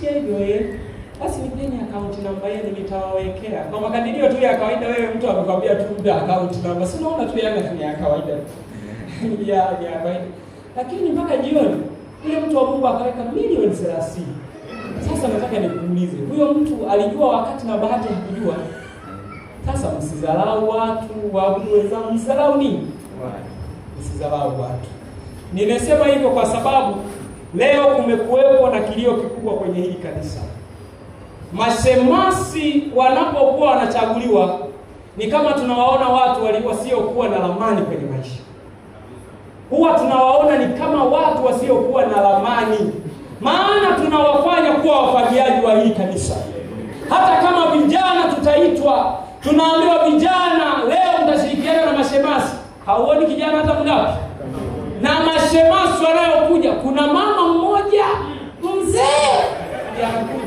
nipitie ndio eh. basi nipeni account number yenu nitawawekea. Kwa makadirio tu ya kawaida, wewe mtu amekwambia tu da account number, si unaona tu Yanga ni ya kawaida ya ya kawaida, lakini mpaka jioni ile mtu wa Mungu akaweka milioni 30. Sasa nataka nikuulize, huyo mtu alijua wakati na bahati hakujua? Sasa msizalau watu waabudu wenzao, msizalau nini? Msizalau watu. Nimesema hivyo kwa sababu Leo kumekuwepo na kilio kikubwa kwenye hili kanisa. Masemasi wanapokuwa wanachaguliwa ni kama tunawaona watu wasiokuwa na ramani kwenye maisha, huwa tunawaona ni kama watu wasiokuwa na ramani, maana tunawafanya kuwa wafagiaji wa hili kanisa. Hata kama vijana tutaitwa, tunaambiwa vijana, leo mtashirikiana na mashemasi, hauoni kijana hata mgapi na mashemasi wanayokuja kuna mama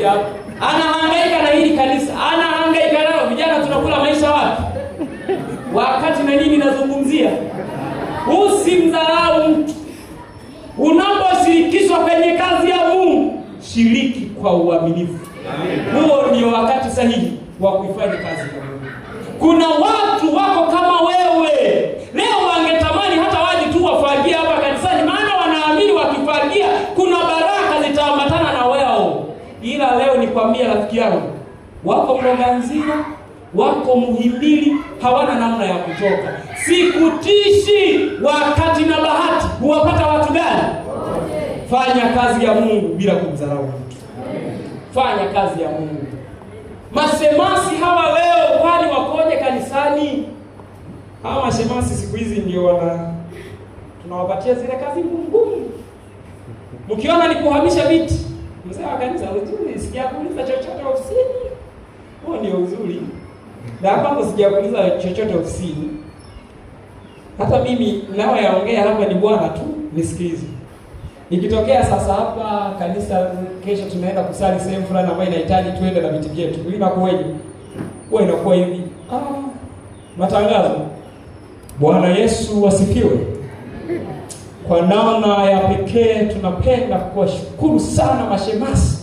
kuja hapa. Anahangaika na hili kanisa, anahangaika nao vijana, tunakula maisha wapi? Wakati na nini nazungumzia? Usimdharau mtu. Unaposhirikishwa kwenye kazi ya Mungu, shiriki kwa uaminifu. Huo ndio wakati sahihi wa kuifanya kazi ya Mungu. Kuna watu wako kama nikamwambia rafiki yangu, wako Mloganzila, wako Muhimbili, hawana namna ya kutoka. Sikutishi, wakati na bahati huwapata watu gani? Fanya kazi ya Mungu bila kumdharau mtu, fanya kazi ya Mungu. Masemasi hawa leo, kwani wakoje kanisani? Hawa mashemasi siku hizi ndio wana tunawapatia zile kazi ngumu ngumu, mkiona ni kuhamisha viti Mzee wa kanisa uzuri, sijakuuliza chochote ofisini. Huo ndio uzuri. Na kwangu sijakuuliza chochote ofisini. Hata mimi nao yaongea hapa ni Bwana tu nisikilize. Nikitokea sasa hapa kanisa, kesho tunaenda kusali sehemu fulani ambayo inahitaji tuende na viti vyetu. Ili nakuweje? Wewe inakuwa hivi. Ah, matangazo. Bwana Yesu wasifiwe. Kwa namna ya pekee tunapenda kuwashukuru sana mashemasi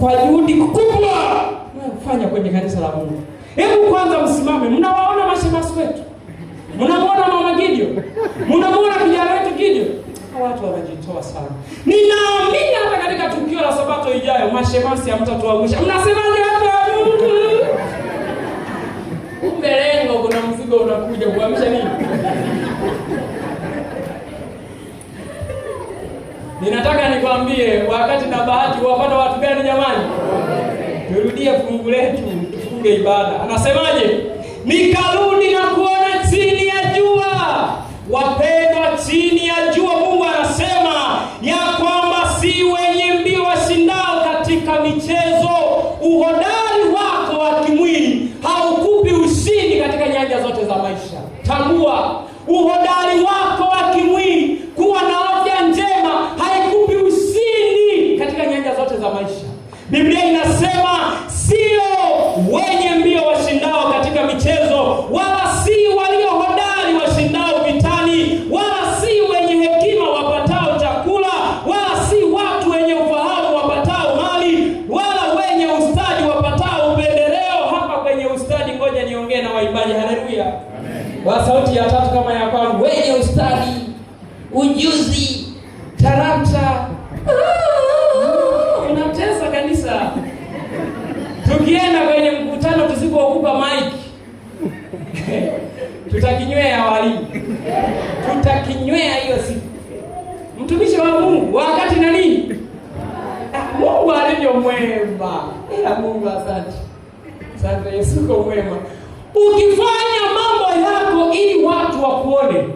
kwa juhudi kubwa mnayofanya kwenye kanisa la Mungu. Hebu kwanza msimame, mnawaona mashemasi wetu, mnamuona mama Gideon, mnamuona kijana wetu Gideon. Watu wanajitoa sana. Ninaamini hata katika tukio la sabato ijayo mashemasi hamtatuangusha. Mnasemaje hapa wa Mungu? Kumbe lengo, kuna mzigo unakuja kuamsha nini? turudie wakati na bahati, wapata watu gani jamani? Turudie fungu letu, tufunge ibada. Anasemaje? Nikarudi na kuona chini ya jua. Wapendwa, chini ya jua Mungu anasema ya kwamba si wenye mbio washindao katika michezo haleluya, kwa sauti ya tatu kama ya kwangu, wenye ustadi, ujuzi, talanta. Unamtesa kanisa. Tukienda kwenye mkutano tusipokupa mic tutakinywea walimu, tutakinywea hiyo siku. Mtumishi wa Mungu wakati na nini ah, Mungu alivyo mwema, ila Mungu asante. sante Yesu kwa mwema. Ukifanya mambo yako ili watu wakuone,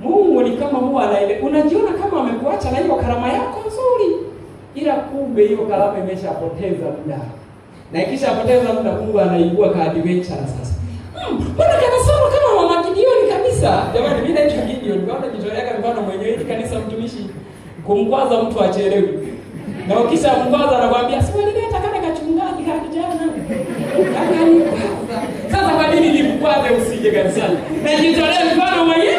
Mungu ni kama huwa anaile, unajiona kama amekuacha na hiyo karama yako nzuri, ila kumbe hiyo karama imeshapoteza muda, na ikishapoteza muda Mungu anaibua kaadventure sasa. Hmm, mbona hmm, kanasoma kama mama Gideon kabisa. Jamani mimi naitwa Gideon, kaona jitolea kama mfano mwenyewe hili kanisa mtumishi kumkwaza mtu achelewe. Na ukishamkwaza anakuambia, "Sio nileta kana kachungaji kakijana." Akanipa nisije kanisani. Najitolea mfano mwenye.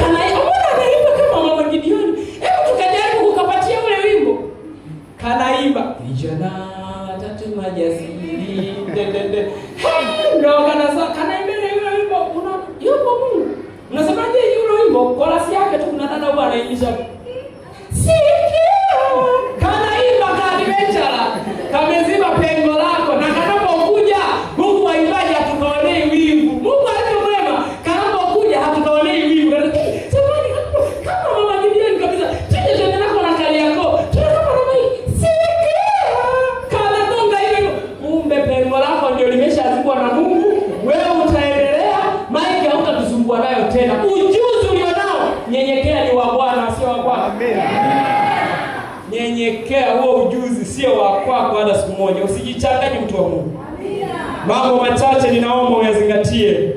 kanaimba? kama mama Gideoni? Hebu tukajaribu kukapatia ule wimbo. Kanaimba vijana watatu majasiri. Dende. Ndio kanasa kanaimba ile wimbo. Una yupo Mungu. Unasemaje hiyo wimbo? Chorus yake tu kuna dada huwa anaimbisha Bwana siku moja. Usijichanganye mtu wa Mungu. Mambo machache ninaomba uyazingatie.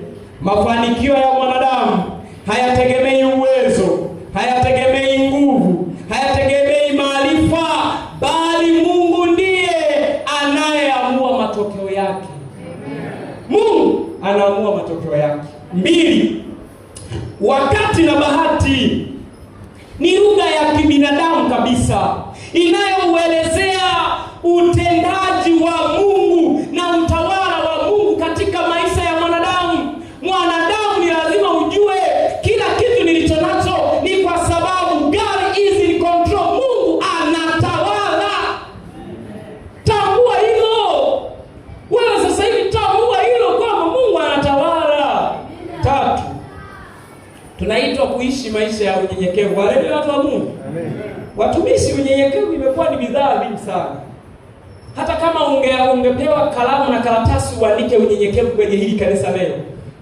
Mafanikio ya mwanadamu hayategemei uwezo, hayategemei nguvu, hayategemei maarifa, bali Mungu ndiye anayeamua matokeo yake. Mungu anaamua matokeo yake. Mbili, wakati na bahati ni lugha ya kibinadamu kabisa inayouelezea utendaji wa Mungu na utawala wa Mungu katika maisha ya mwanadamu. Mwanadamu ni lazima ujue kila kitu nilicho nacho ni kwa sababu God is in control. Mungu anatawala. Tambua hilo wewe sasa hivi, tambua hilo kwamba Mungu anatawala. Tatu, tunaitwa kuishi maisha ya unyenyekevu. Wale watu wa Mungu, watumishi, unyenyekevu imekuwa ni bidhaa muhimu sana. Hata kama unge, ungepewa kalamu na karatasi uandike unyenyekevu kwenye hili kanisa leo,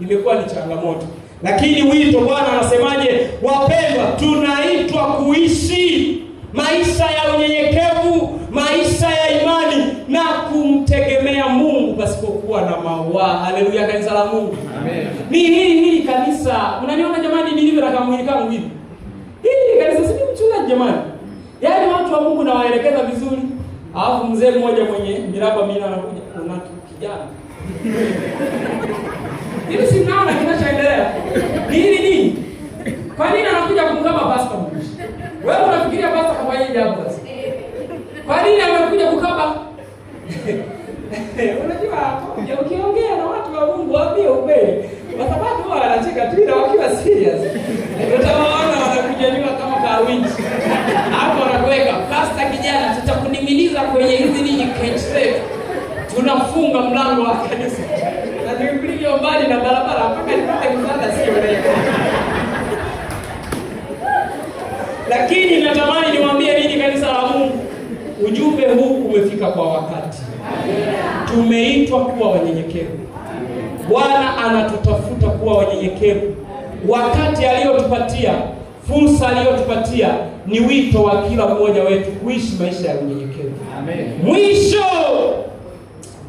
imekuwa ni changamoto. Lakini wito Bwana anasemaje? Wapendwa, tunaitwa kuishi maisha ya unyenyekevu, maisha ya imani na kumtegemea Mungu pasipokuwa na maua Haleluya, kanisa la Mungu, amen. Ni hili hili kanisa, unaniona jamani, nilivyo na kamwili kangu hivi. Hili kanisa si mchungaji jamani, yaani watu wa Mungu nawaelekeza vizuri Alafu mzee mmoja mwenye miraba mina anakuja kuna kijana. Hili si mnaona kinachoendelea? Ni hili ni. Kwa nini anakuja kumkama pastor mwishi? Wewe unafikiria pastor kwa yeye jambo basi? Kwa nini anakuja kukaba? Unajua hapo, ukiongea na watu wa Mungu waambie ukweli. Kwa sababu wao wanacheka tu ila wakiwa serious. Utaona wanakuja nyuma kama kawinji kuweka pasta. Kijana, tutakuning'iniza kwenye hizi nini kechi tunafunga mlango wa kanisa na tulikulivyo mbali na barabara mpaka nipate msaada, sio leo. Lakini natamani niwaambie nini, kanisa la Mungu, ujumbe huu umefika kwa wakati. Tumeitwa kuwa wanyenyekevu. Bwana anatutafuta kuwa wanyenyekevu. Wakati aliyotupatia, fursa aliyotupatia ni wito wa kila mmoja wetu kuishi maisha ya unyenyekevu. Mwisho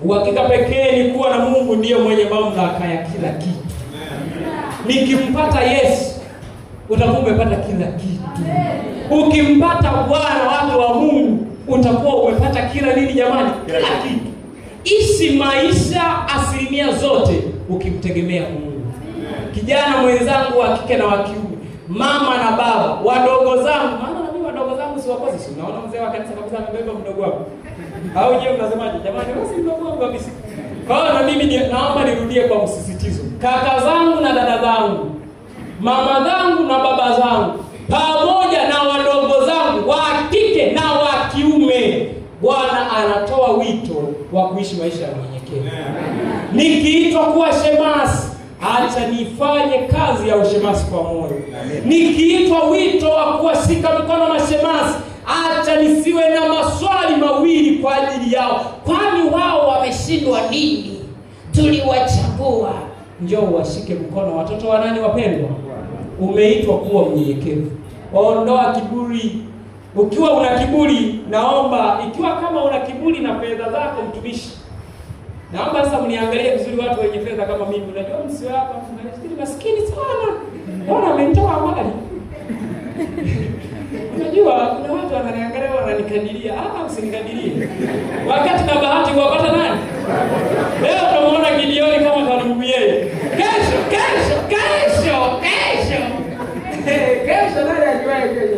uhakika pekee ni kuwa na Mungu ndiye mwenye mamlaka ya kila kitu. Nikimpata Yesu utakuwa umepata kila kitu. Ukimpata Bwana, watu wa Mungu, utakuwa umepata kila nini jamani? Kila kitu. Ishi maisha asilimia zote ukimtegemea Mungu. Kijana mwenzangu wa kike na wa kiume, mama na baba, wadogo wakosi, si unaona mzee wa kanisa kabisa amebeba mdogo wako. Au je, mnasemaje? Jamani, wewe si mdogo wangu kabisa. Kwa hiyo na mimi ni naomba nirudie kwa msisitizo. Kaka zangu na dada zangu, mama zangu na baba zangu, pamoja na wadogo zangu wa kike na wa kiume, Bwana anatoa wito wa kuishi maisha ya unyenyekevu. Nikiitwa kuwa shemasi acha nifanye kazi ya ushemasi kwa moyo. Nikiitwa wito wa kuwashika mkono mashemasi, acha nisiwe na maswali mawili kwa ajili yao, kwani wao wameshindwa nini? Tuliwachagua. Njoo washike mkono, watoto wa nani wapendwa? Umeitwa kuwa mnyenyekevu, waondoa kiburi ukiwa una kiburi, naomba ikiwa kama una kiburi na fedha zako, mtumishi Naomba sasa mniangalie vizuri watu wenye fedha kama mimi. Unajua msio hapa mnafikiri maskini sana. Bora amenitoa mbali? Unajua kuna watu wananiangalia wananikadiria. Ah, ah, usinikadirie. Wakati na bahati kuwapata nani? Leo tumeona Gideoni kama karibu yeye. Kesho, kesho, kesho, kesho. Kesho nani ajuaye kesho?